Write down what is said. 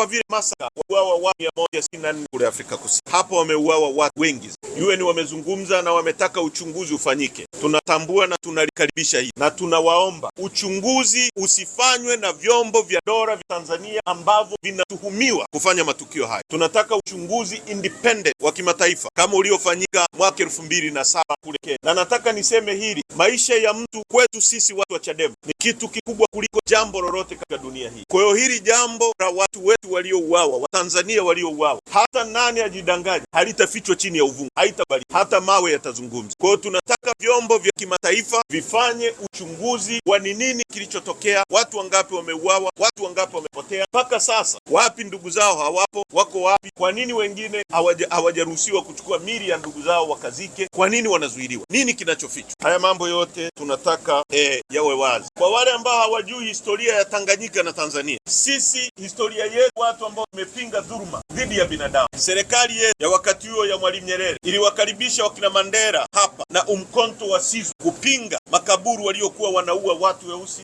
kwa vile Masaka wauawa wa mia moja sitini na nne kule Afrika Kusini. Hapo wameuawa watu wengi. UN wamezungumza na wametaka uchunguzi ufanyike. Tunatambua na tunalikaribisha hili na tunawaomba uchunguzi usifanywe na vyombo vya dola vya Tanzania ambavyo vinatuhumiwa kufanya matukio haya. Tunataka uchunguzi independent wa kimataifa kama uliofanyika mwaka elfu mbili na saba kule Kenya, na nataka niseme hili, maisha ya mtu kwetu sisi watu wa Chadema ni kitu kikubwa kuliko jambo lolote katika dunia hii. Kwa hiyo hili jambo la watu wetu waliouawa, Watanzania waliouawa, hata nani ajidanganye, halitafichwa chini ya uvungu haitabali, hata mawe yatazungumza. Kwa hiyo tunataka vyombo vya kimataifa vifanye uchunguzi wa ni nini kilichotokea, watu wangapi wameuawa, watu wangapi wamepotea mpaka sasa, wapi ndugu zao hawapo, wako wapi? Kwa nini wengine hawajaruhusiwa kuchukua miri ya ndugu zao wakazike? Kwa nini wanazuiliwa? Nini kinachofichwa? Haya mambo yote tunataka eh, yawe wazi kwa wale ambao hawajui historia ya Tanganyika na Tanzania. Sisi historia yetu, watu ambao tumepinga dhuluma dhidi ya binadamu. Serikali yetu ya wakati huo ya Mwalimu Nyerere iliwakaribisha wakina Mandela hapa na Umkhonto wa Sizwe kupinga makaburu waliokuwa wanaua watu weusi.